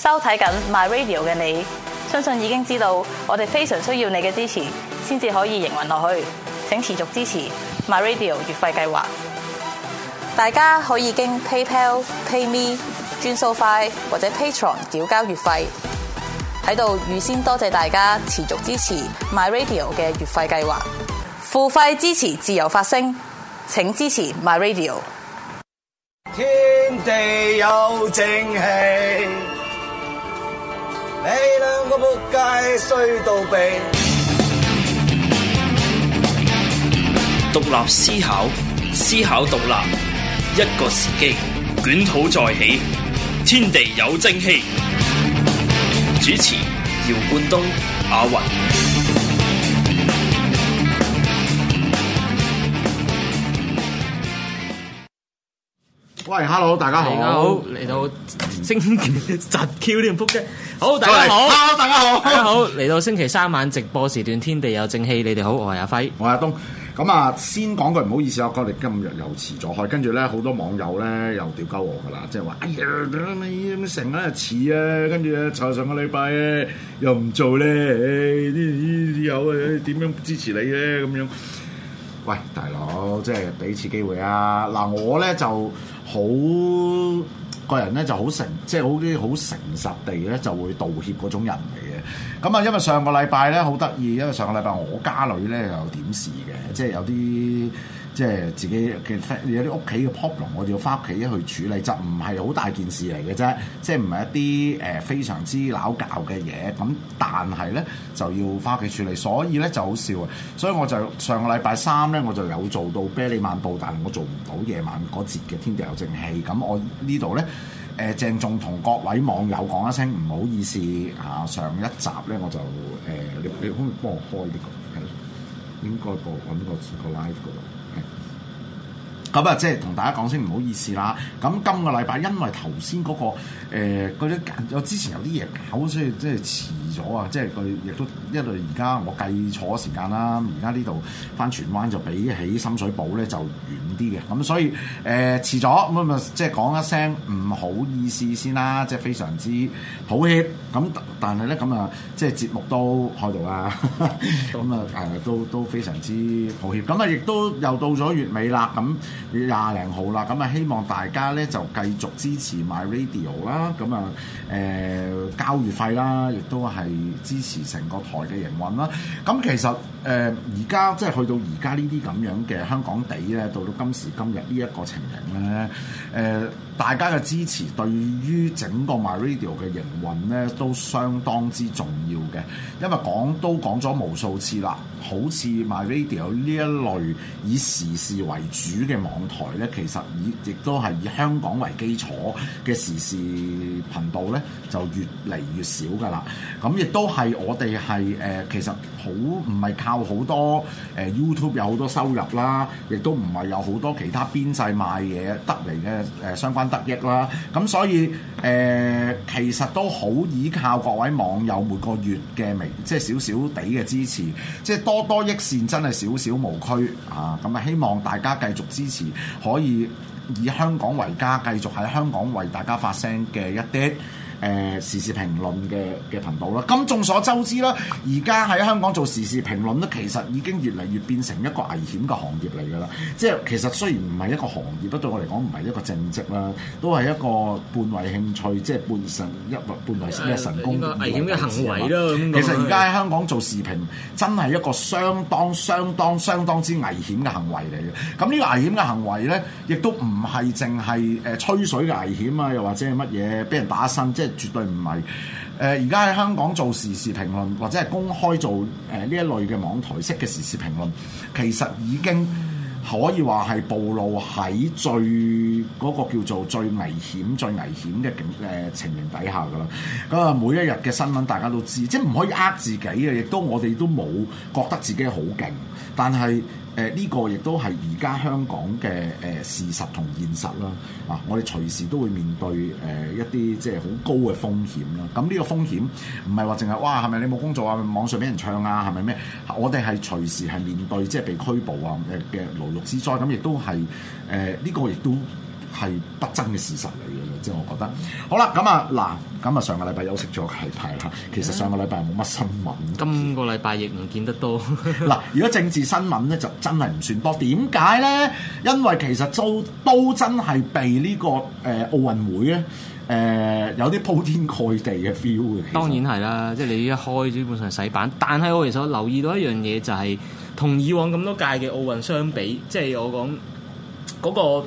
收睇緊 My Radio 嘅你，相信已經知道我哋非常需要你嘅支持，先至可以營運落去，請持續支持 My Radio 月費計劃。大家可以經 PayPal、PayMe、轉數快或者 Patreon 繳交月費，喺度預先多謝大家持續支持 My Radio 嘅月費計劃，付費支持自由發聲，請支持 My Radio。天地有正氣。你兩個仆街，衰到病獨立思考，思考獨立，一個時機，捲土再起，天地有正氣。主持：姚冠東、阿云。喂，hello，大家好、嗯、好，大家好，嚟到星期扎 Q 添，仆街，好，大家好，hello，大家好，大家好，嚟到星期三晚直播時段，天地有正氣，你哋好，我係阿輝，我係阿東，咁啊，先講句唔好意思啊，哥，我哋今日又遲咗開，跟住咧好多網友咧又屌鳩我噶啦，即係話，哎呀，你成日遲啊，跟住啊，上個禮拜又唔做咧，呢呢啲友誒點樣支持你咧咁樣？喂，大佬，即係俾次機會啊！嗱，我咧就。好個人咧就好誠，即係好啲好誠實地咧就會道歉嗰種人嚟嘅。咁啊，因為上個禮拜咧好得意，因為上個禮拜我家裏咧有點事嘅，即係有啲。即係自己嘅有啲屋企嘅 problem，我哋要翻屋企一去處理，就唔係好大件事嚟嘅啫，即係唔係一啲誒、呃、非常之攪教嘅嘢咁，但係咧就要翻屋企處理，所以咧就好笑啊！所以我就上個禮拜三咧我就有做到啤梨漫步，但係我做唔到夜晚嗰節嘅天地有正氣。咁我呢度咧誒鄭重同各位網友講一聲唔好意思嚇、啊，上一集咧我就誒、呃、你，你可唔可以幫我開啲、這個，應該個，揾個個 live 度。咁啊，即係同大家講先，唔好意思啦。咁今個禮拜因為頭先嗰個誒，嗰啲我之前有啲嘢搞，所以即係遲咗啊！即係佢亦都一路而家，我計錯時間啦。而家呢度返荃灣就比起深水埗咧就遠啲嘅，咁所以誒、呃、遲咗咁啊！即係講一聲唔好意思先啦，即係非常之抱歉。咁但係咧咁啊，即係節目都開到啦，咁啊誒都都非常之抱歉。咁啊，亦都又到咗月尾啦，咁廿零號啦，咁啊，希望大家咧就繼續支持 MyRadio 啦，咁啊誒交月費啦，亦都係，支持成個台嘅營運啦，咁其實誒而家即係去到而家呢啲咁樣嘅香港地咧，到到今時今日呢一個情形咧，誒、呃、大家嘅支持對於整個 MyRadio 嘅營運咧都相當之重要嘅，因為講都講咗無數次啦。好似 MyRadio 呢一類以時事為主嘅網台呢，其實以亦都係以香港為基礎嘅時事頻道呢，就越嚟越少㗎啦。咁、嗯、亦都係我哋係誒，其實好唔係靠好多誒、呃、YouTube 有好多收入啦，亦都唔係有好多其他編制賣嘢得嚟嘅誒相關得益啦。咁、嗯、所以誒、呃，其實都好倚靠各位網友每個月嘅微，即係少少地嘅支持，即、就、係、是、多。多多益善，真係少少無區啊！咁啊，希望大家繼續支持，可以以香港為家，繼續喺香港為大家發聲嘅一啲誒時事評論嘅嘅頻道啦，咁眾所周知啦，而家喺香港做時事評論咧，其實已經越嚟越變成一個危險嘅行業嚟㗎啦。即係其實雖然唔係一個行業啦，對我嚟講唔係一個正職啦，都係一個半為興趣，即係半成一半為咩成功、呃、危險嘅行為啦。其實而家喺香港做時評真係一個相當相當相當之危險嘅行為嚟嘅。咁呢個危險嘅行為咧，亦都唔係淨係誒吹水嘅危險啊，又或者係乜嘢俾人打身。即係。絕對唔係，誒而家喺香港做時事評論或者係公開做誒呢、呃、一類嘅網台式嘅時事評論，其實已經可以話係暴露喺最嗰、嗰個叫做最危險、最危險嘅景誒情形底下噶啦。咁啊，每一日嘅新聞大家都知，即係唔可以呃自己嘅，亦都我哋都冇覺得自己好勁，但係。誒呢個亦都係而家香港嘅誒、呃、事實同現實啦，啊，我哋隨時都會面對誒、呃、一啲即係好高嘅風險啦。咁、啊、呢、這個風險唔係話淨係哇係咪你冇工作啊？網上俾人唱啊係咪咩？我哋係隨時係面對即係被拘捕啊嘅牢獄之災。咁、嗯、亦都係誒呢個亦都。係不爭嘅事實嚟嘅，即係我覺得。好啦，咁啊嗱，咁啊上個禮拜休息咗係排啦。其實上個禮拜冇乜新聞，今個禮拜亦唔見得多。嗱， 如果政治新聞咧就真係唔算多，點解咧？因為其實都都真係被呢、這個誒、呃、奧運會咧誒、呃、有啲鋪天蓋地嘅 feel 嘅。當然係啦，即係你一開基本上洗版。但係我其實留意到一樣嘢、就是，就係同以往咁多屆嘅奧運相比，即係我講嗰、那個。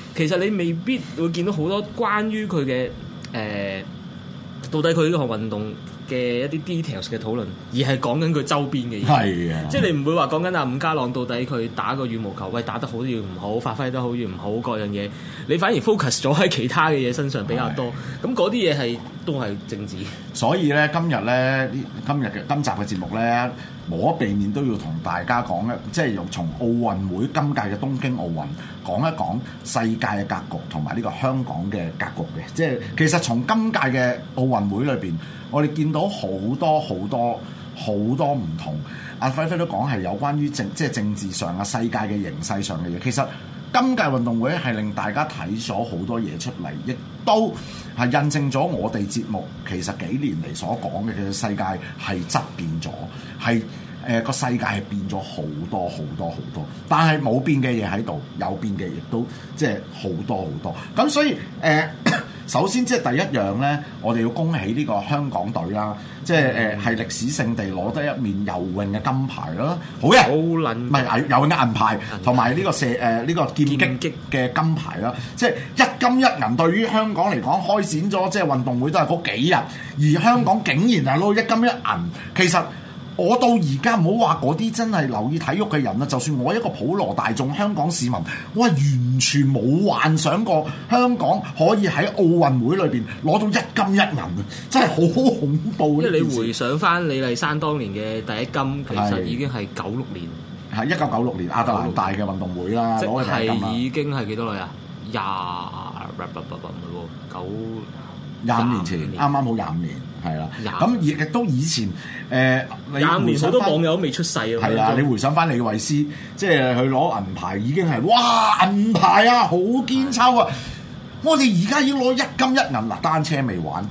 其實你未必會見到好多關於佢嘅誒，到底佢呢項運動嘅一啲 details 嘅討論，而係講緊佢周邊嘅嘢。係啊， 即係你唔會話講緊啊伍家朗到底佢打個羽毛球，喂打得好要唔好，發揮得好要唔好各樣嘢，你反而 focus 咗喺其他嘅嘢身上比較多。咁嗰啲嘢係都係政治 所以咧，今日咧，今日嘅今集嘅節目咧。無可避免都要同大家講一，即係由從奧運會今屆嘅東京奧運講一講世界嘅格局同埋呢個香港嘅格局嘅，即係其實從今屆嘅奧運會裏邊，我哋見到好多好多好多唔同。阿輝輝都講係有關於政，即係政治上啊，世界嘅形勢上嘅嘢，其實。今屆運動會係令大家睇咗好多嘢出嚟，亦都係印證咗我哋節目其實幾年嚟所講嘅，其實世界係質變咗，係誒個世界係變咗好多好多好多，但係冇變嘅嘢喺度，有變嘅亦都即係好多好多，咁所以誒。呃 首先即係第一樣呢，我哋要恭喜呢個香港隊啦、啊，即係誒係歷史性地攞得一面游泳嘅金牌咯、啊。好嘅耶，好撚唔係、啊、游泳嘅銀牌，同埋呢個射誒呢、呃呢個劍擊嘅金牌啦、啊。即係一金一銀，對於香港嚟講，開展咗即係運動會都係嗰幾日，而香港竟然係攞一金一銀，其實。我到而家唔好話嗰啲真係留意體育嘅人啦，就算我一個普羅大眾香港市民，我係完全冇幻想過香港可以喺奧運會裏邊攞到一金一銀啊！真係好恐怖嘅一件事。即係你回想翻李麗珊當年嘅第一金，其實已經係九六年，係一九九六年亞特蘭大嘅運動會啦，攞嘅第一金啊！即係已經係幾多耐啊？廿九廿五年前，啱啱好廿五年，係啦。咁亦都以前。誒，廿五年好多網友都未出世啊！係啊，你回想翻的樣李慧詩，即係佢攞銀牌已經係哇銀牌啊，好堅湊啊！是的 我哋而家已經攞一金一銀啦，單車未玩，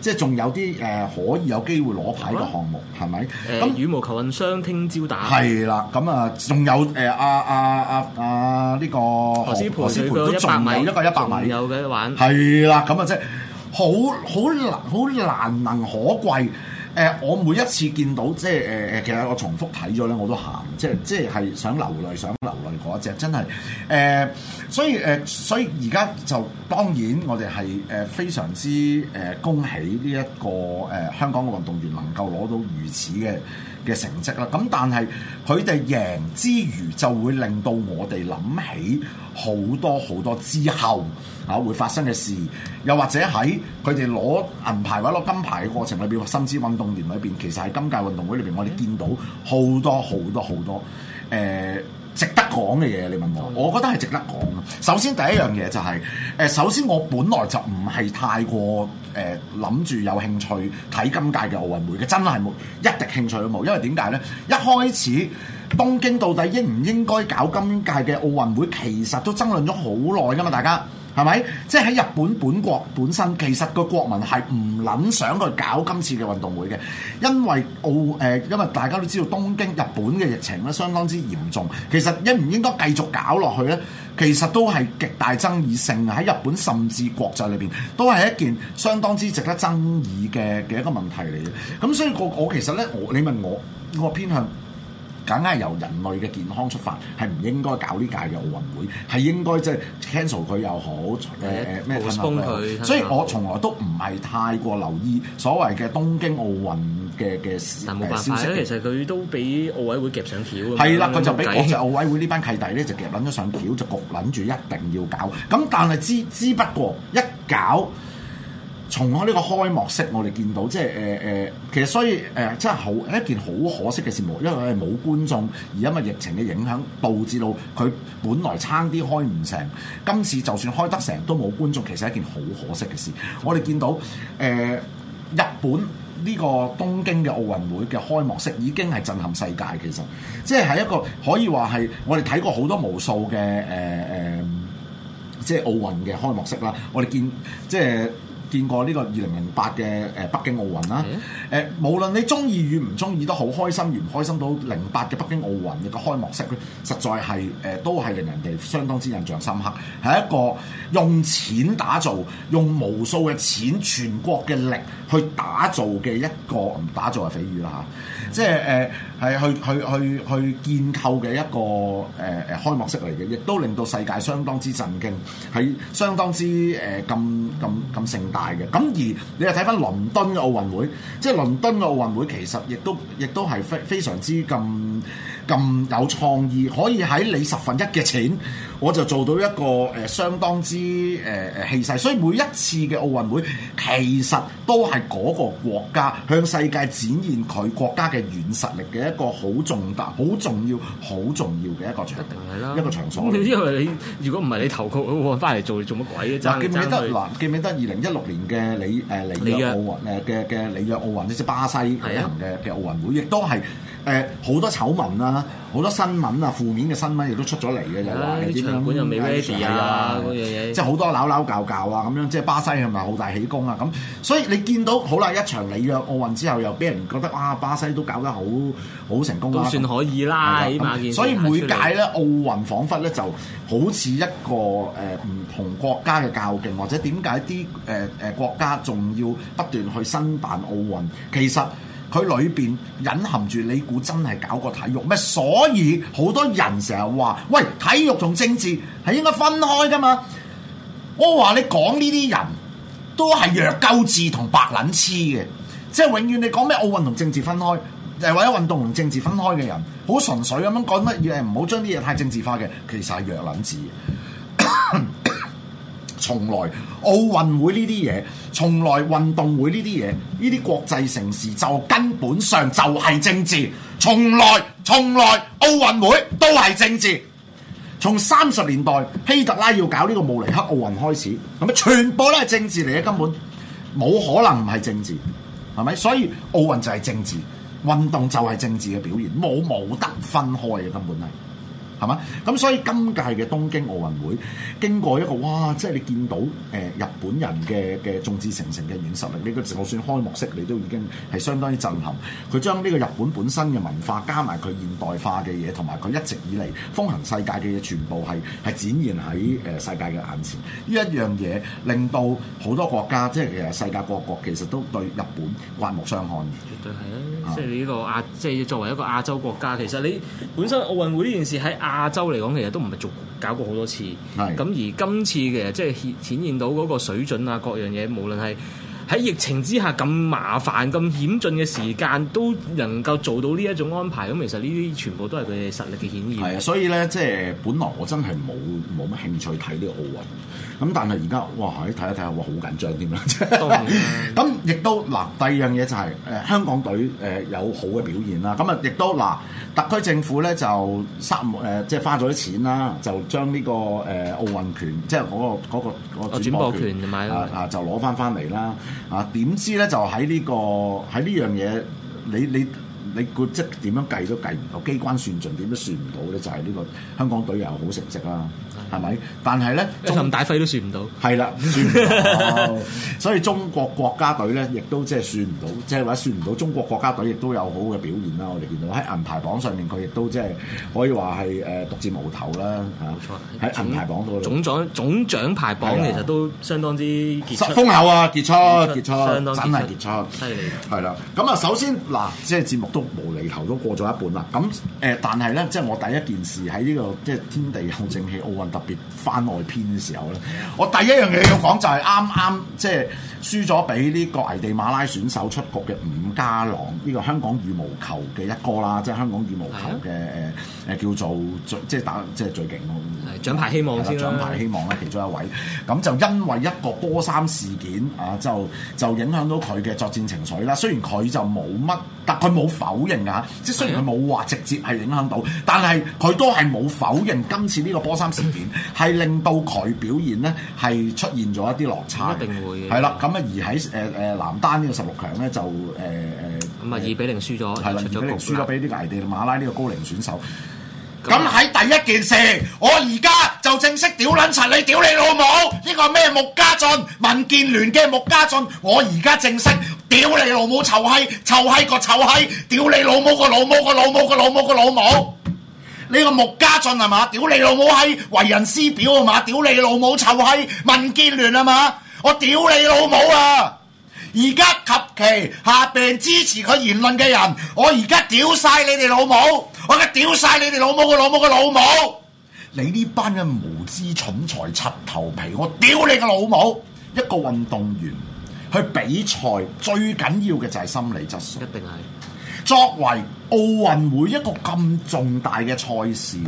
即係仲有啲誒可以有機會攞牌嘅項目係咪？咁羽毛球混雙聽朝打係啦，咁啊，仲有誒阿阿阿阿呢個何何詩蓓都仲思思有一個一百米有嘅玩，係啦，咁啊、就是，即係好好，好難好難能可貴。誒、呃，我每一次見到，即係誒誒，其實我重複睇咗咧，我都喊，即係即係係想流淚，想流淚嗰一隻，真係誒、呃，所以誒、呃，所以而家就當然我，我哋係誒非常之誒、呃、恭喜呢、這、一個誒、呃、香港嘅運動員能夠攞到如此嘅。嘅成績啦，咁但係佢哋贏之餘，就會令到我哋諗起好多好多之後啊會發生嘅事，又或者喺佢哋攞銀牌或者攞金牌嘅過程裏邊，甚至運動員裏邊，其實喺今屆運動會裏邊，我哋見到好多好多好多誒、呃值得講嘅嘢，你問我，我覺得係值得講。首先第一樣嘢就係、是，誒、呃、首先我本來就唔係太過誒諗住有興趣睇今屆嘅奧運會，佢真係冇一滴興趣都冇，因為點解呢？一開始東京到底應唔應該搞今屆嘅奧運會，其實都爭論咗好耐㗎嘛，大家。係咪？即係喺日本本國本身，其實個國民係唔諗想佢搞今次嘅運動會嘅，因為奧誒、呃，因為大家都知道東京日本嘅疫情咧相當之嚴重。其實應唔應該繼續搞落去呢？其實都係極大爭議性啊！喺日本甚至國際裏邊都係一件相當之值得爭議嘅嘅一個問題嚟嘅。咁所以我我其實呢，我你問我，我偏向。梗係由人類嘅健康出發，係唔應該搞呢屆嘅奧運會，係應該即係 cancel 佢又好誒誒咩？所以我從來都唔係太過留意所謂嘅東京奧運嘅嘅誒消息。但冇辦法，其實佢都俾奧委會夾上橋。係啦，佢就俾嗰隻奧委會呢班契弟咧，就夾撚咗上橋，就焗撚住一定要搞。咁但係之之不過一搞。從開呢個開幕式，我哋見到即係誒誒，其實所以誒、呃，真係好一件好可惜嘅事，無因為係冇觀眾，而因為疫情嘅影響，導致到佢本來差啲開唔成。今次就算開得成，都冇觀眾，其實係一件好可惜嘅事。我哋見到誒、呃、日本呢個東京嘅奧運會嘅開幕式已經係震撼世界，其實即係係一個可以話係我哋睇過好多無數嘅誒誒，即係奧運嘅開幕式啦。我哋見即係。見過呢個二零零八嘅誒北京奧運啦，誒、嗯、無論你中意與唔中意，都好開心，與唔開心到零八嘅北京奧運嘅個開幕式咧，實在係誒、呃、都係令人哋相當之印象深刻，係一個用錢打造，用無數嘅錢、全國嘅力去打造嘅一個唔打造嘅蜚語啦嚇，啊嗯、即係誒。呃係去去去去建構嘅一個誒誒開幕式嚟嘅，亦都令到世界相當之震驚，係相當之誒咁咁咁盛大嘅。咁而你又睇返倫敦嘅奧運會，即係倫敦嘅奧運會，其實亦都亦都係非非常之咁咁有創意，可以喺你十分一嘅錢，我就做到一個誒相當之誒誒、呃、氣勢，所以每一次嘅奧運會其實都係嗰個國家向世界展現佢國家嘅軟實力嘅一個好重大、好重要、好重要嘅一個場，一定係啦，一個場所，因為你。我點知你如果唔係你投曲奧運翻嚟做，你做乜鬼？嗱，記唔記得？嗱，記唔記得？二零一六年嘅里誒里約奧運誒嘅嘅里約奧運，即巴西舉行嘅嘅奧運會，亦的都係。誒好、呃、多醜聞啦、啊，好多新聞啊，負面嘅新聞亦都出咗嚟嘅，就話點樣？場館又未揾住啊，的啊，即係好多扭扭教教啊，咁樣即係巴西係咪好大喜功啊？咁所以你見到好啦，一場里約奧運之後，又俾人覺得哇、啊，巴西都搞得好好成功、啊，都算可以啦，起碼 所以每屆咧奧運，仿佛咧就好似一個誒唔、呃、同國家嘅較勁，或者點解啲誒誒國家仲要不斷去申辦奧運？其實。佢裏邊隱含住你估真係搞過體育咩？所以好多人成日話，喂，體育同政治係應該分開㗎嘛？我話你講呢啲人都係弱鳩智同白撚痴嘅，即係永遠你講咩奧運同政治分開，又或者運動同政治分開嘅人，好純粹咁樣講乜嘢，唔好將啲嘢太政治化嘅，其實係弱撚字。 從來奧運會呢啲嘢，從來運動會呢啲嘢，呢啲國際盛事就根本上就係政治，從來從來奧運會都係政治。從三十年代希特拉要搞呢個慕尼黑奧運開始，咁啊全部都係政治嚟嘅，根本冇可能唔係政治，係咪？所以奧運就係政治，運動就係政治嘅表現，冇冇得分開嘅，根本係。係嘛？咁、嗯、所以今屆嘅東京奧運會經過一個哇，即係你見到誒、呃、日本人嘅嘅眾志成城嘅軟實力，你個就算開幕式你都已經係相當之震撼。佢將呢個日本本身嘅文化加埋佢現代化嘅嘢，同埋佢一直以嚟風行世界嘅嘢，全部係係展現喺誒、呃、世界嘅眼前。呢一樣嘢令到好多國家，即係其實世界各國其實都對日本刮目相看。就係啦，即係呢個亞，即係作為一個亞洲國家，其實你本身奧運會呢件事喺亞洲嚟講，其實都唔係做搞過好多次。咁是的 而今次嘅，即係顯顯現到嗰個水準啊，各樣嘢無論係。喺疫情之下咁麻煩、咁險峻嘅時間，都能夠做到呢一種安排，咁其實呢啲全部都係佢哋實力嘅顯現。係啊，所以咧，即係本來我真係冇冇乜興趣睇呢個奧運，咁但係而家哇，睇一睇啊，哇，好緊張添啦！咁亦 都嗱，第二樣嘢就係、係、誒香港隊誒有好嘅表現啦。咁啊，亦都嗱，特區政府咧就三誒即係花咗啲錢啦，就將呢個誒奧運權，即係嗰個嗰、嗰個嗰個嗰個轉播權就買啊，就攞翻翻嚟啦。啊！點知咧？就喺呢個喺呢樣嘢，你你。你估即係點樣計都計唔到，機關算盡點都算唔到咧，就係呢個香港隊又好成績啦，係咪？但係咧，咁大費都算唔到，係啦，算唔到。所以中國國家隊咧，亦都即係算唔到，即係話算唔到。中國國家隊亦都有好嘅表現啦，我哋見到喺銀牌榜上面，佢亦都即係可以話係誒獨佔鰲頭啦，嚇。冇錯，喺銀牌榜度總獎總獎牌榜其實都相當之出豐厚啊，傑出傑出，真係傑出，犀利。係啦，咁啊，首先嗱，即係節目。都無厘頭都過咗一半啦，咁誒、呃，但係咧，即係我第一件事喺呢、這個即係天地有正氣，奧運特別番外篇嘅時候咧，我第一樣嘢要講就係啱啱即係，輸咗俾呢個危地馬拉選手出局嘅伍家朗，呢個香港羽毛球嘅一哥啦，即係香港羽毛球嘅誒誒叫做最即係打即係最勁嘅獎牌希望先啦，獎牌希望啦，其中一位，咁就因為一個波衫事件啊，就就影響到佢嘅作戰情緒啦。雖然佢就冇乜，但佢冇否認嘅，即係雖然佢冇話直接係影響到，但係佢都係冇否認今次呢個波衫事件係令到佢表現呢係出現咗一啲落差，一定會係啦咁。咁而喺誒誒男單呢個十六強咧，就誒誒咁啊二比零輸咗，係啦、哎、二比零輸咗俾呢個危地馬拉呢個高齡選手。咁喺第一件事，我而家就正式屌撚柒你，屌你老母！呢個咩穆家駿，民建聯嘅穆家駿，我而家正式屌你老母臭閪，臭閪 溷 related ham 個臭閪，屌你老母個老母個老母個老母個老母！呢個穆家駿係嘛？屌你老母閪，為人師表係嘛？屌你老母臭閪，民建聯係嘛？我屌你老母啊！而家及其下邊支持佢言論嘅人，我而家屌晒你哋老母！我而家屌晒你哋老母個老母個老母！你呢班嘅無知蠢材柒頭皮，我屌你個老母！一個運動員去比賽最緊要嘅就係心理質素，一定係。作為奧運會一個咁重大嘅賽事，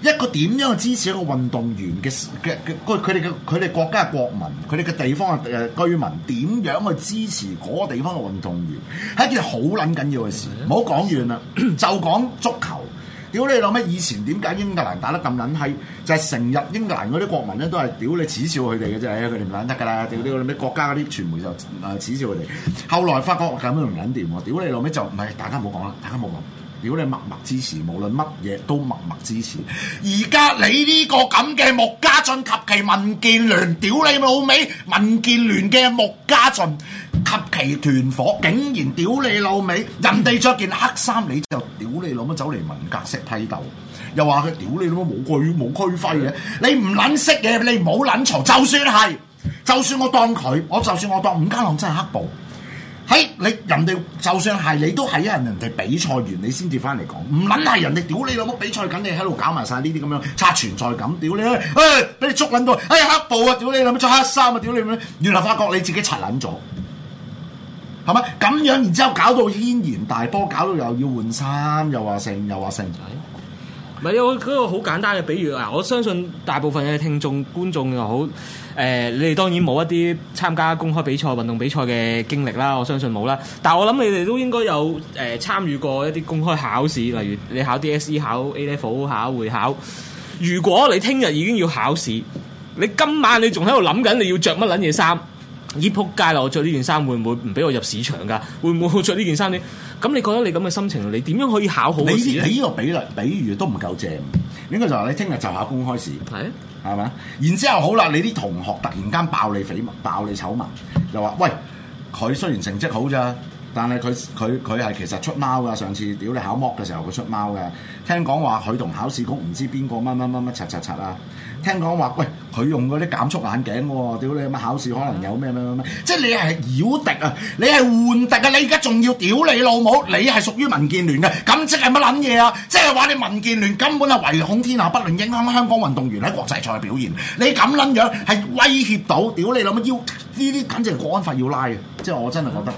一個點樣去支持一個運動員嘅嘅佢哋嘅佢哋國家嘅國民，佢哋嘅地方嘅誒，居民點樣去支持嗰個地方嘅運動員係一件好撚緊要嘅事。唔好講完啦，就講足球。屌你！老咩以前點解英格蘭打得咁撚閪？就係成日英格蘭嗰啲國民咧都係屌你恥笑佢哋嘅啫，誒佢哋唔撚得噶啦！啲嗰啲咩國家嗰啲傳媒就誒恥笑佢哋。後來發覺咁樣又撚掂，屌你！老味就唔係，大家唔好講啦，大家唔好講。屌你，默默支持，無論乜嘢都默默支持。而家你呢個咁嘅穆家駿及其民建聯，屌你老味，民建聯嘅穆家駿。及其團伙竟然屌你老味，人哋着件黑衫，你就屌你老母走嚟文革式批鬥，又話佢屌你老母冇句冇區徽嘅，你唔撚識嘅，你唔好撚嘈。就算係，就算我當佢，我就算我當伍家朗真係黑暴，喺你人哋就算係你都係啊！人哋比賽完，你先至翻嚟講，唔撚係人哋屌你老母比賽緊，你喺度搞埋晒呢啲咁樣刷存在感，屌你俾你捉撚到，哎呀黑暴啊！屌你老母著黑衫啊！屌你咪原來發覺你自己刷撚咗。係咪咁樣？然之後搞到軒然大波，搞到又要換衫，又話成，又話成。唔係，有嗰個好簡單嘅比喻嗱，我相信大部分嘅聽眾、觀眾又好，誒、呃，你哋當然冇一啲參加公開比賽、運動比賽嘅經歷啦，我相信冇啦。但係我諗你哋都應該有誒、呃、參與過一啲公開考試，例如你考 DSE、考 A Level 考、考會考。如果你聽日已經要考試，你今晚你仲喺度諗緊你要着乜撚嘢衫？依仆街啦！我着呢件衫會唔會唔俾我入市場噶？會唔會我着呢件衫咧？咁你覺得你咁嘅心情，你點樣可以考好？你呢？你呢個比例，比喻都唔夠正。應該就話你聽日就考公開試，係係嘛？然之後好啦，你啲同學突然間爆你緋聞，爆你醜聞，又話：喂，佢雖然成績好咋，但係佢佢佢係其實出貓噶。上次屌你考模嘅時候，佢出貓嘅。聽講話佢同考試局唔知邊個乜乜乜乜柒柒柒啊！聽講話喂，佢用嗰啲減速眼鏡喎，屌你乜考試可能有咩咩咩咩？即係你係妖敵啊，你係換敵啊！你而家仲要屌你老母，你係屬於民建聯嘅，咁即係乜撚嘢啊？即係話你民建聯根本係唯恐天下不亂，影響香港運動員喺國際賽嘅表現，你咁撚樣係威脅到屌你諗乜要呢啲？簡直係《國安法》要拉嘅，即係我真係覺得，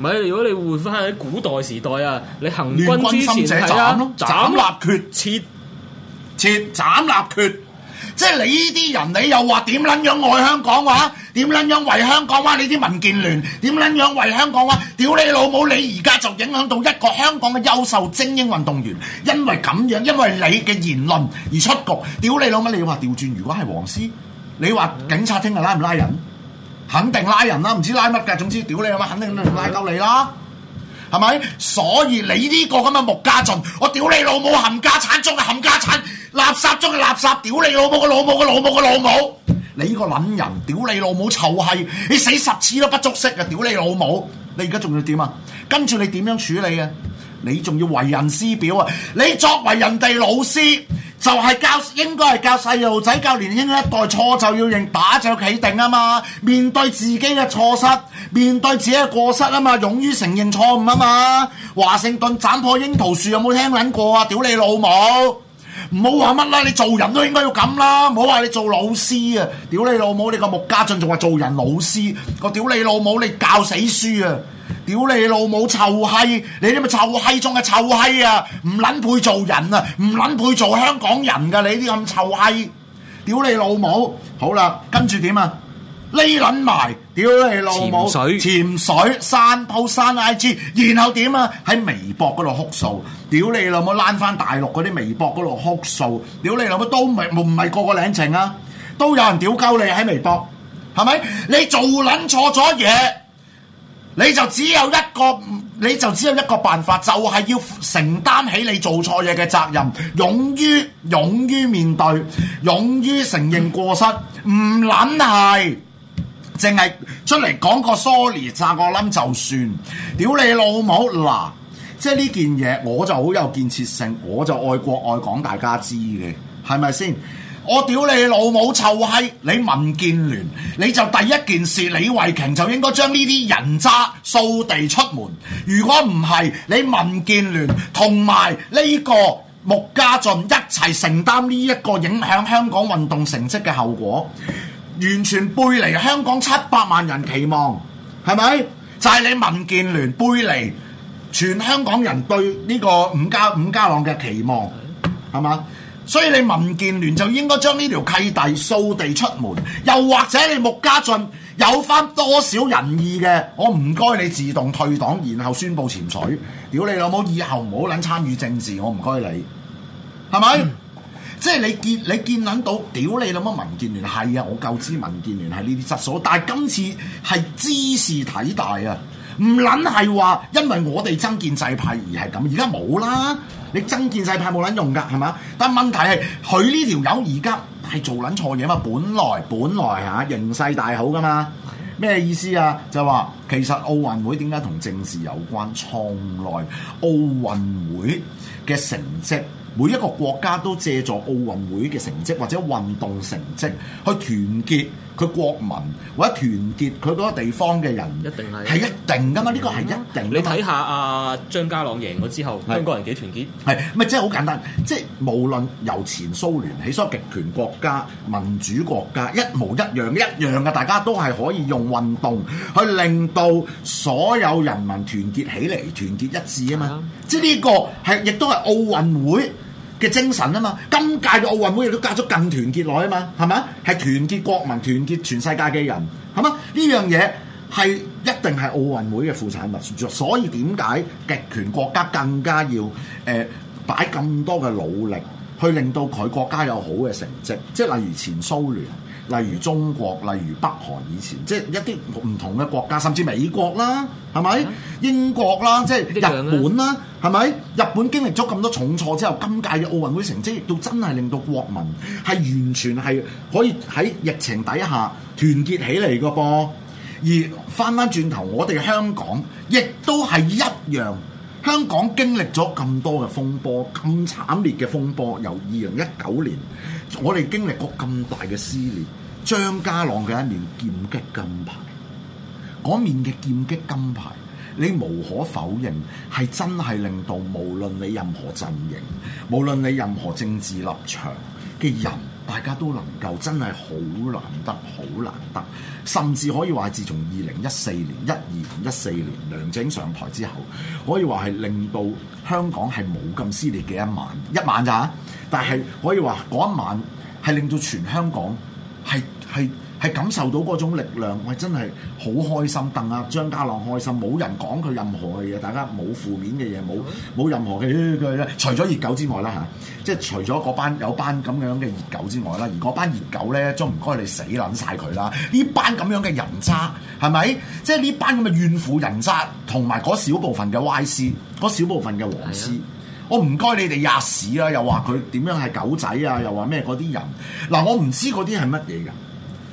唔係如果你換翻喺古代時代啊，你行亂軍心者啊，斬立決，切切斬立決。即係你呢啲人，你又話點撚樣愛香港哇？點撚樣為香港哇？你啲民建聯點撚樣為香港哇？屌你老母！你而家就影響到一個香港嘅優秀精英運動員，因為咁樣，因為你嘅言論而出局。屌你老母！你要話調轉，如果係黃絲，你話警察廳係拉唔拉人？肯定拉人啦，唔知拉乜嘅，總之屌你老母，肯定拉鳩你啦。係咪？所以你呢個咁嘅穆家駿，我屌你老母冚家剷，正嘅冚家剷。垃圾中嘅垃圾，屌你老母個老母個老母個老，老母！你呢個撚人，屌你老母臭閪！你死十次都不足惜啊！屌你老母！你而家仲要點啊？跟住你點樣處理啊？你仲要為人師表啊？你作為人哋老師，就係、是、教，應該係教細路仔教年輕一代，錯就要認，打就要企定啊嘛！面對自己嘅錯失，面對自己嘅過失啊嘛，勇於承認錯誤啊嘛！華盛頓斬破櫻桃樹有冇聽撚過啊？屌你老母！唔好話乜啦，你做人都應該要咁啦。唔好話你做老師啊，屌你老母！你個穆家駿仲係做人老師，個屌你老母你教死書啊！屌你老母臭閪！你啲咪臭閪中嘅臭閪啊！唔撚配做人啊！唔撚配做香港人噶、啊、你啲咁臭閪！屌你老母！好啦，跟住點啊？匿撚埋。屌你老母！潛水、散 po、散 IG，然後點啊？喺微博嗰度哭訴，屌你老母，躝翻大陸嗰啲微博嗰度哭訴，屌你老母都唔唔係個個領情啊！都有人屌鳩你喺微博，係咪？你做撚錯咗嘢，你就只有一個，你就只有一個辦法，就係要承擔起你做錯嘢嘅責任，勇於勇於面對，勇於承認過失，唔撚係。淨係出嚟講個 sorry，炸個冧就算，屌你老母！嗱，即係呢件嘢，我就好有建設性，我就愛國愛港，大家知嘅，係咪先？我屌你老母臭閪！就是、你民建聯你就第一件事，李慧瓊就應該將呢啲人渣掃地出門。如果唔係，你民建聯同埋呢個穆家駿一齊承擔呢一個影響香港運動成績嘅後果。完全背離香港七百萬人期望，係咪？就係你民建聯背離全香港人對呢個伍家伍家朗嘅期望，係咪？所以你民建聯就應該將呢條契弟掃地出門，又或者你穆家駿有返多少仁義嘅，我唔該你自動退黨，然後宣布潛水，屌你老母！以後唔好撚參與政治，我唔該你，係咪？嗯即係你，你見你見撚到，屌你諗乜民建聯係啊？我夠知民建聯係呢啲質素，但係今次係茲事體大啊！唔撚係話因為我哋增建制派而係咁，而家冇啦。你增建制派冇撚用㗎，係嘛？但問題係佢呢條友而家係做撚錯嘢嘛？本來本來嚇、啊、形勢大好㗎嘛，咩意思啊？就話其實奧運會點解同政治有關？從來奧運會嘅成績。每一個國家都借助奧運會嘅成績或者運動成績去團結佢國民或者團結佢嗰個地方嘅人，一定係係一定噶嘛？呢個係一定。你睇下阿張家朗贏咗之後，香港人幾團結？係咪即係好簡單？即係無論由前蘇聯起，所有極權國家、民主國家，一模一樣一樣嘅，大家都係可以用運動去令到所有人民團結起嚟，團結一致啊嘛！即係呢個係亦都係奧運會嘅精神啊嘛，今屆嘅奧運會亦都加咗更團結內啊嘛，係咪啊？係團結國民、團結全世界嘅人，係嘛？呢樣嘢係一定係奧運會嘅副產物，所以點解極權國家更加要誒、呃、擺咁多嘅努力，去令到佢國家有好嘅成績，即係例如前蘇聯。例如中國，例如北韓以前，即係一啲唔同嘅國家，甚至美國啦，係咪英國啦，即係日本啦，係咪日本經歷咗咁多重挫之後，今屆嘅奧運會成績亦都真係令到國民係完全係可以喺疫情底下團結起嚟嘅噃。而翻翻轉頭，我哋香港亦都係一樣，香港經歷咗咁多嘅風波，咁慘烈嘅風波，由二零一九年。我哋經歷過咁大嘅撕裂，張家朗嘅一面劍擊金牌，嗰面嘅劍擊金牌，你無可否認係真係令到無論你任何陣營，無論你任何政治立場嘅人，大家都能夠真係好難得好難得，甚至可以話自從二零一四年一二零一四年梁振英上台之後，可以話係令到香港係冇咁撕裂嘅一晚一晚咋。但係可以話嗰一晚係令到全香港係係係感受到嗰種力量，我、哎、真係好開心。鄧亞、啊、張家朗開心，冇人講佢任何嘅嘢，大家冇負面嘅嘢，冇冇任何嘅，佢、呃呃呃、除咗熱狗之外啦嚇、啊，即係除咗嗰班有班咁樣嘅熱狗之外啦，而嗰班熱狗咧，真唔該你死撚晒佢啦！呢班咁樣嘅人渣係咪？即係呢班咁嘅怨婦人渣，同埋嗰少部分嘅歪師，嗰少部分嘅黃師。我唔該你哋吔屎啦、啊！又話佢點樣係狗仔啊？又話咩嗰啲人嗱？我唔知嗰啲係乜嘢㗎，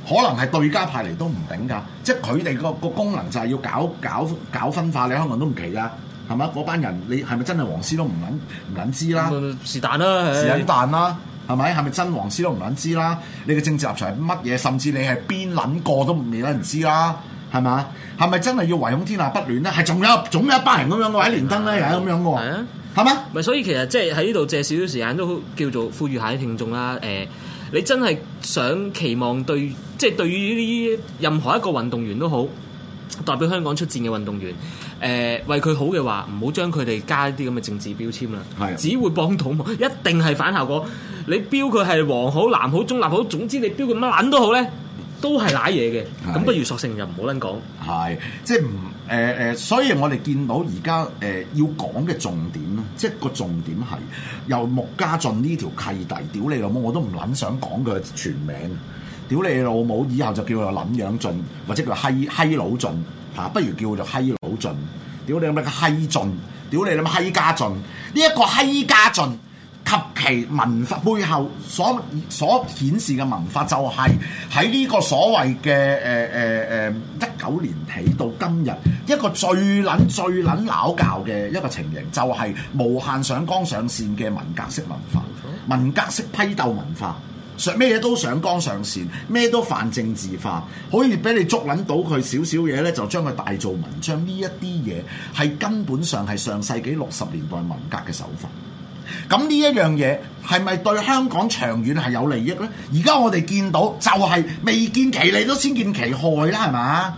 可能係對家派嚟都唔頂㗎。即係佢哋個個功能就係要搞搞搞分化，你香港都唔奇㗎，係嘛？嗰班人你係咪真係黃絲都唔捻唔捻知啦、啊嗯？是但啦，是捻但啦，係咪？係咪真黃絲都唔捻知啦、啊？你嘅政治立場係乜嘢？甚至你係邊捻個都未有人知啦、啊，係嘛？係咪真係要唯恐天下不亂咧？係仲有總有一班人咁樣嘅喺連登咧，又係咁樣嘅喎。係咩？咪 所以其實即係喺呢度借少少時間都叫做呼籲下啲聽眾啦。誒、呃，你真係想期望對，即係對於呢啲任何一個運動員都好，代表香港出戰嘅運動員，誒、呃，為佢好嘅話，唔好將佢哋加一啲咁嘅政治標籤啦。係，是的 只會幫倒忙，一定係反效果。你標佢係黃好、藍好、中立好，總之你標佢乜撚都好咧。都係攋嘢嘅，咁不如索性又唔好撚講。係，即係唔誒誒，所以我哋見到而家誒要講嘅重點咯，即係個重點係由穆家駿呢條契弟屌你老母，我都唔撚想講佢全名，屌你老母，以後就叫佢諗樣俊，或者叫佢閪閪佬俊嚇，不如叫佢做閪佬俊，屌你冧閪閪俊，屌你冧閪閪家俊，呢一個閪家俊。其文化背後所所顯示嘅文化，就係喺呢個所謂嘅誒誒誒一九年起到今日一個最捻最捻拗教嘅一個情形，就係、是、無限上綱上線嘅文革式文化、文革式批鬥文化，上咩嘢都上綱上線，咩都泛政治化，好似俾你捉捻到佢少少嘢呢，就將佢大做文章。呢一啲嘢係根本上係上世紀六十年代文革嘅手法。咁呢一樣嘢係咪對香港長遠係有利益咧？而家我哋見到就係未見其利都先見其害啦，係嘛？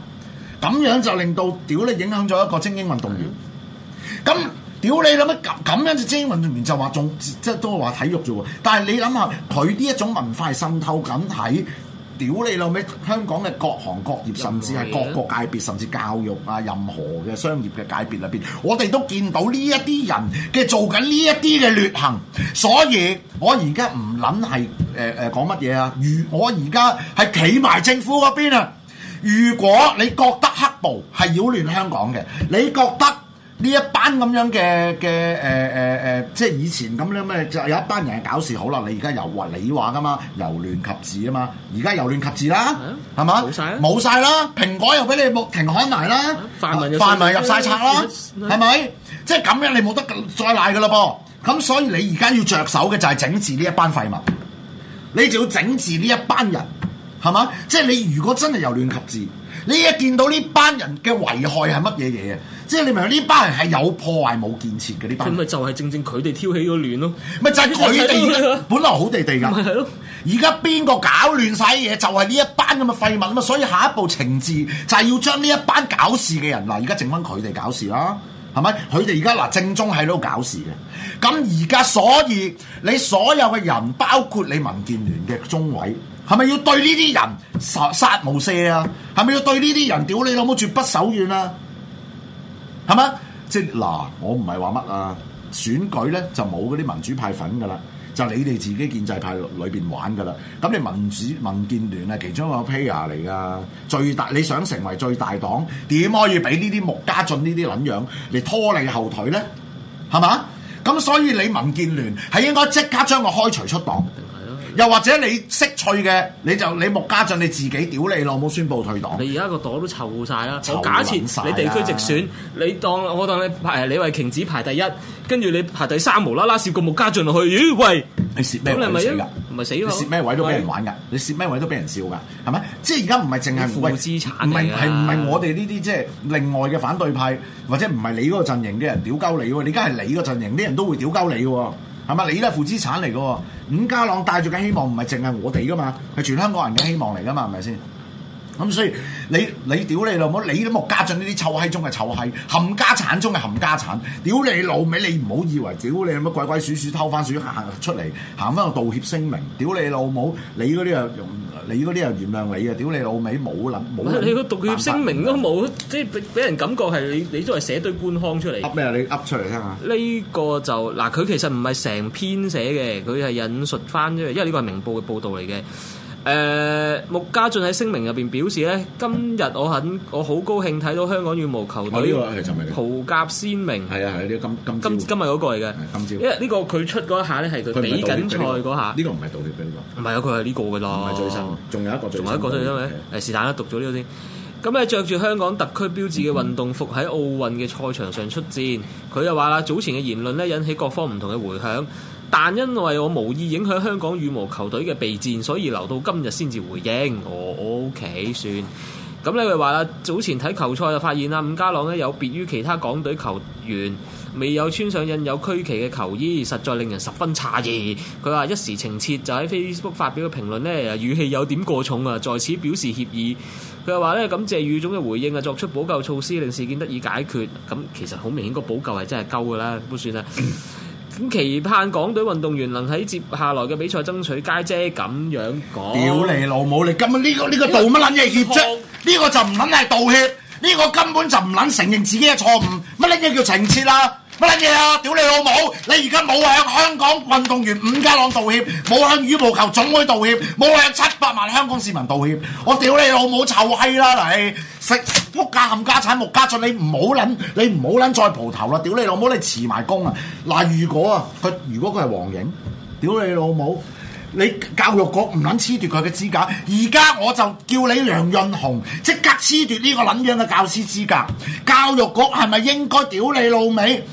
咁樣就令到屌你影響咗一個精英運動員。咁屌你諗乜咁咁樣嘅精英運動員就話仲即係都話體育啫喎？但係你諗下佢呢一種文化係滲透緊喺。屌你老味！香港嘅各行各業，甚至係各個界別，甚至教育啊，任何嘅商業嘅界別裏邊，我哋都見到呢一啲人嘅做緊呢一啲嘅劣行，所以我而家唔諗係誒誒講乜嘢啊？如我而家係企埋政府嗰邊啊，如果你覺得黑暴係擾亂香港嘅，你覺得？呢一班咁樣嘅嘅誒誒誒，即係以前咁樣咩就有一班人係搞事好啦。你而家又話你話噶嘛，由亂及治啊嘛。而家由亂及治啦，係嘛、啊？冇晒啦，冇曬、啊、啦。蘋果又俾你莫停刊埋啦，泛民泛民入晒冊啦，係咪、啊啊啊啊啊？即係咁樣，你冇得再賴噶咯噃。咁所以你而家要着手嘅就係整治呢一班廢物，你就要整治呢一班人，係嘛？即係你如果真係由亂及治，你一見到呢班人嘅危害係乜嘢嘢即係你明啦，呢班人係有破壞冇建設嘅呢班人。咁咪就係正正佢哋挑起咗亂咯，咪就係佢哋本來好地地噶。而家邊個搞亂晒嘢？就係呢一班咁嘅廢物啊！所以下一步懲治就係要將呢一班搞事嘅人嗱，而家剩翻佢哋搞事啦，係咪？佢哋而家嗱正宗喺度搞事嘅。咁而家所以你所有嘅人，包括你民建聯嘅中委，係咪要對呢啲人殺殺無赦啊？係咪要對呢啲人屌你老母絕不手軟啊？係嘛？即嗱，我唔係話乜啊！選舉咧就冇嗰啲民主派粉噶啦，就你哋自己建制派裏邊玩噶啦。咁你民主民建聯係其中一個 player 嚟噶，最大，你想成為最大黨，點可以俾呢啲穆家駿呢啲撚樣嚟拖你後腿咧？係嘛？咁所以你民建聯係應該即刻將我開除出黨。又或者你識趣嘅，你就你穆家駿你自己屌你咯，冇宣布退黨。你而家個袋都臭晒啦，假設你地區直選，啊、你當我當你排李慧瓊只排第一，跟住你排第三，無啦啦蝕個穆家駿落去，咦、哎、喂？你蝕咩？咪咪死咯！你蝕咩位都俾人玩㗎，對你蝕咩位都俾人笑㗎，係咪？即係而家唔係淨係負資產，唔係唔係我哋呢啲即係另外嘅反對派，或者唔係你嗰個陣營啲人屌鳩你喎，你而家係你個陣營啲人都會屌鳩你㗎喎。係咪？你都係負資產嚟嘅喎？伍家朗帶住嘅希望唔係淨係我哋㗎嘛？係全香港人嘅希望嚟㗎嘛？係咪先？咁所以你你屌你老母，你啲穆家駿呢啲臭閪中嘅臭閪冚家產中嘅冚家產，屌你老味！你唔好以為屌你老母鬼鬼祟祟偷番鼠行出嚟行翻個道歉聲明，屌你老母！你嗰啲又用你嗰啲又原諒你啊！屌你老味冇諗冇。你個道歉聲明都冇，即係俾俾人感覺係你你都係寫堆官腔出嚟。噏咩啊？你噏出嚟聽下。呢個就嗱，佢其實唔係成篇寫嘅，佢係引述翻啫，因為呢個係明報嘅報導嚟嘅。誒，穆家駿喺聲明入邊表示咧，今日我很我好高興睇到香港羽毛球隊豪格鮮明，係啊係呢個今今今今日嗰個嚟嘅，因為呢個佢出嗰一下咧係佢比緊賽嗰下，呢個唔係道歉俾你，唔係啊佢係呢個嘅咯，仲有一個，仲有一個最新嘅，是但啦，讀咗呢個先。咁咧着住香港特區標誌嘅運動服喺奧運嘅賽場上出戰，佢就話啦，早前嘅言論咧引起各方唔同嘅回響。但因為我無意影響香港羽毛球隊嘅備戰，所以留到今日先至回應。O、oh, K，、okay, 算。咁你咪話啦，早前睇球賽就發現啦，伍家朗呢有別於其他港隊球員，未有穿上印有區旗嘅球衣，實在令人十分詫異。佢話一時情切，就喺 Facebook 發表嘅評論呢語氣有點過重啊，在此表示歉意。佢又話呢，感謝羽總嘅回應啊，作出補救措施，令事件得以解決。咁、嗯、其實好明顯，個補救係真係鳩㗎啦，都算啦。 咁期盼港隊運動員能喺接下來嘅比賽爭取佳績，咁樣講。屌你老母！你咁呢個呢、這個道乜卵嘢歉啫？呢、嗯、哼個就唔卵係道歉，呢、這個根本就唔卵承認自己嘅錯誤，乜卵嘢叫情切啦、啊？乜撚嘢啊！屌你老母！你而家冇向香港運動員伍家朗道歉，冇向羽毛球總會道歉，冇向七百萬香港市民道歉。我屌你老母臭閪啦！你食屋價冚家剷，穆家駿你唔好撚，你唔好撚再蒲頭啦！屌你老母，你辭埋工啊！嗱，如果啊，佢如果佢係黃營，屌你老母！你教育局唔撚褫奪佢嘅資格，而家我就叫你梁潤雄即刻褫奪呢個撚樣嘅教師資格。教育局係咪應該屌你老味？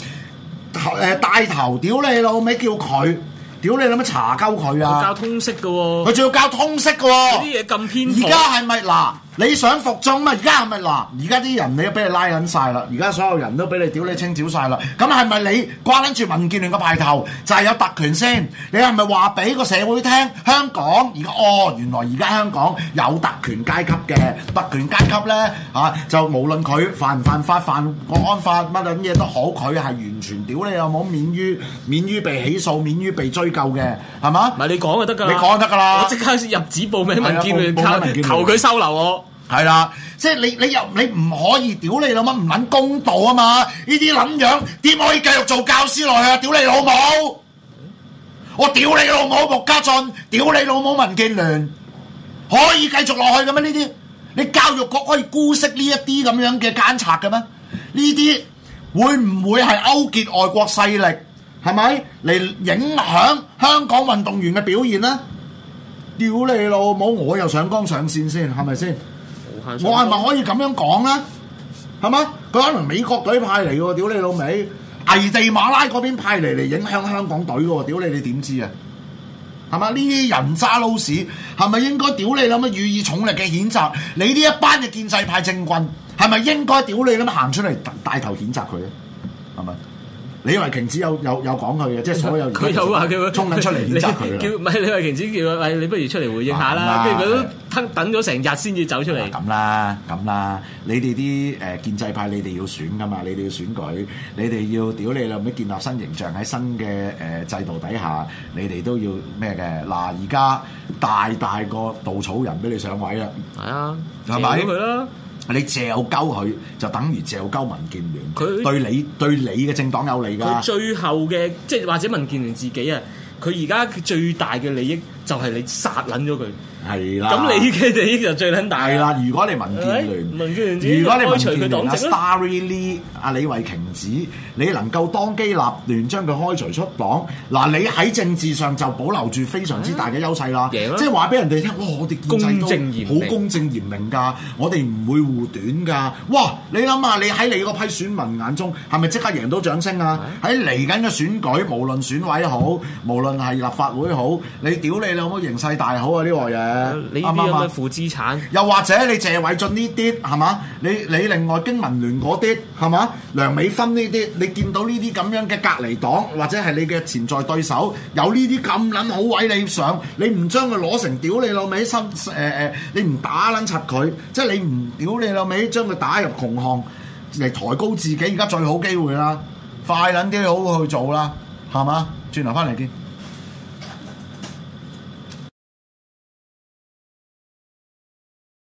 誒帶頭屌你老味，叫佢屌你老乜查鳩佢啊！佢教通識嘅喎，佢仲要教通識嘅喎，啲嘢咁偏頗。而家係咪嗱？呃你想服眾嘛？而家係咪嗱？而家啲人你都俾你拉緊晒啦，而家所有人都俾你屌你清剿晒啦。咁係咪你掛捻住民建聯嘅派頭就係有特權先？你係咪話俾個社會聽？香港而家哦，原來而家香港有特權階級嘅特權階級咧，吓、啊、就無論佢犯唔犯法，犯國安法乜嘢都好，佢係完全屌你又冇免於免於被起訴、免於被追究嘅，係嘛？唔係你講就得噶，你講就得噶啦，我即刻入紙報名民建聯，啊、建聯求佢收留我。係啦，即係你你又你唔可以屌你老母唔撚公道啊嘛！呢啲諗樣點可以繼續做教師落去啊？屌你老母！我屌你老母，穆家駿，屌你老母，文建良，可以繼續落去嘅咩？呢啲你教育局可以姑息呢一啲咁樣嘅監察嘅咩？呢啲會唔會係勾結外國勢力？係咪嚟影響香港運動員嘅表現呢？屌你老母！我又上綱上線先，係咪先？我係咪可以咁樣講咧？係嘛？佢可能美國隊派嚟嘅，屌你老味，危地馬拉嗰邊派嚟嚟影響香港隊嘅，屌你你點知啊？係嘛？呢啲人渣撈屎，係咪應該屌你咁樣予以重力嘅譴責？你呢一班嘅建制派政棍，係咪應該屌你咁行出嚟帶頭譴責佢咧？李慧瓊子有有有講佢嘅，即係所有。佢有話叫佢衝緊出嚟，你叫唔係李慧瓊子叫佢，喂，你不如出嚟回應下、啊啊啊、啦。跟住佢都等咗成日先至走出嚟。咁啦，咁啦，你哋啲誒建制派，你哋要選噶嘛？你哋要選舉，你哋要屌你啦，唔好建立新形象喺新嘅誒、呃、制度底下，你哋都要咩嘅？嗱、啊，而家大大個稻草人俾你上位啦。係啊，就擺佢啦。你借鳩佢就等於借鳩民建聯，佢對你對你嘅政黨有利㗎。最後嘅即係或者民建聯自己啊，佢而家佢最大嘅利益。就係你殺撚咗佢，係啦的。咁你佢哋就最撚大，係啦。如果你民建聯，如果你民建聯啊 Starry Lee 啊，李慧瓊子，你能夠當機立斷將佢開除出黨，嗱你喺政治上就保留住非常之大嘅優勢啦。啊、即係話俾人哋聽，我哋公正，好公正嚴明㗎，我哋唔會護短㗎。哇！你諗下，你喺你嗰批選民眼中係咪即刻贏到掌聲啊？喺嚟緊嘅選舉，無論選委好，無論係立法會好，你屌你！你老母形勢大好啊！呢個嘢，啱唔啱啊？負資產，又或者你謝偉俊呢啲係嘛？你你另外經民聯嗰啲係嘛？梁美芬呢啲，你見到呢啲咁樣嘅隔離黨，或者係你嘅潛在對手，有呢啲咁撚好位你上，你唔將佢攞成屌你老味，新誒誒，你唔打撚柒佢，即係你唔屌你老味，將佢打入窮巷嚟抬高自己，而家最好機會啦，快撚啲好去做啦，係嘛？轉頭翻嚟見。